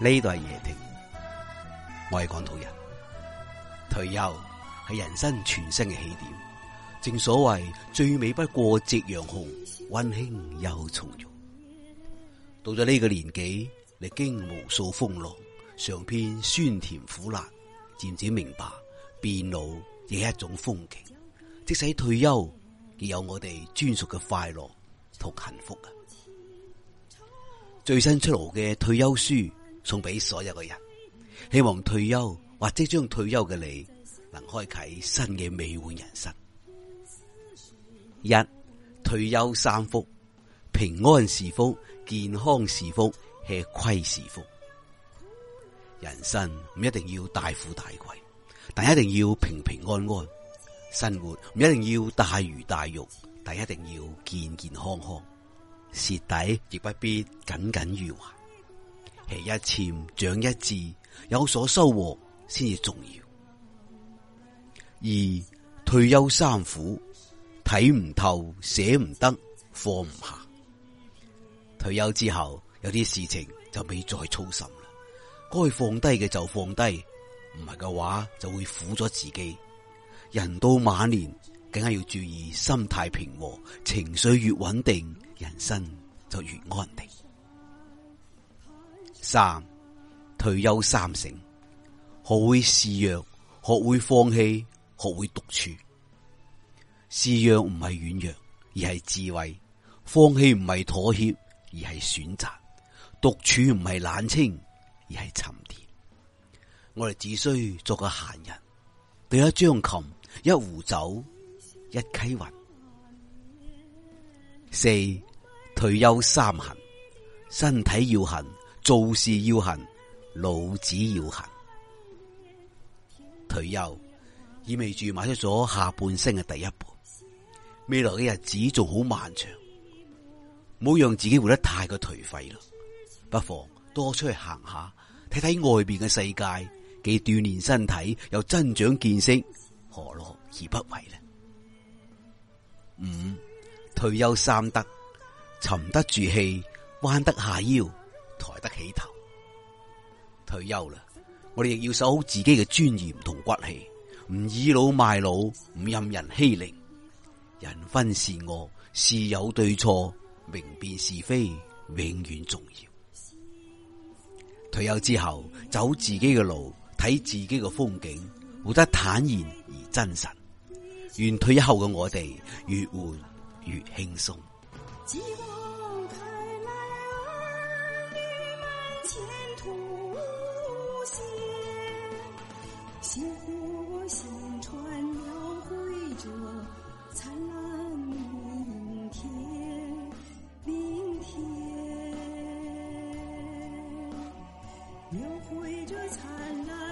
呢度係夜聽，我係廣土人。退休係人生全新嘅起點，正所謂最美不過夕陽紅，温馨又從容。到咗呢個年紀。歷經無數風浪，嘗遍酸甜苦辣，漸漸明白變老亦係一種風景。即使退休，亦有我哋專屬嘅快樂同幸福啊！最新出爐嘅退休書送俾所有嘅人，希望退休或者將退休嘅你能開啟新嘅美滿人生。一退休三福：平安是福，健康是福。吃虧是福，人生唔一定要大富大貴，但一定要平平安安；生活唔一定要大魚大肉，但一定要健健康康。蝕底亦不必耿耿於懷，吃一塹長一智，有所收穫先至重要。二、退休三苦，睇唔透，捨唔得，放唔下。退休之後，有啲事情就未再操心啦，該放低嘅就放低，唔係嘅話就會苦咗自己。人到晚年，梗係要注意心態平和，情緒越穩定，人生就越安定。三、退休三成，學會示弱，學會放棄，學會獨處。示弱唔係軟弱，而係智慧；放棄唔係妥協，而係選擇。獨處唔係冷清，而係沉澱。我哋只需做個閒人，對一張琴、一壺酒、一溪雲。四退休三行，身體要行，做事要行，腦子要行。退休意味住邁出咗下半生嘅第一步，未來嘅日子仲好漫長，唔好讓自己活得太過頹廢啦。不妨多出去行下，睇睇外邊嘅世界，既鍛煉身體又增長見識，何樂而不為呢？五退休三得，沉得住氣，彎得下腰，抬得起頭。退休啦，我哋亦要守好自己嘅尊嚴同骨氣，唔倚老賣老，唔任人欺凌。人分善惡，事有對錯，明辨是非永遠重要。退休之後，走自己嘅路，睇自己嘅風景，活得坦然而真實。願退休後嘅我哋越活越輕鬆。為這燦爛。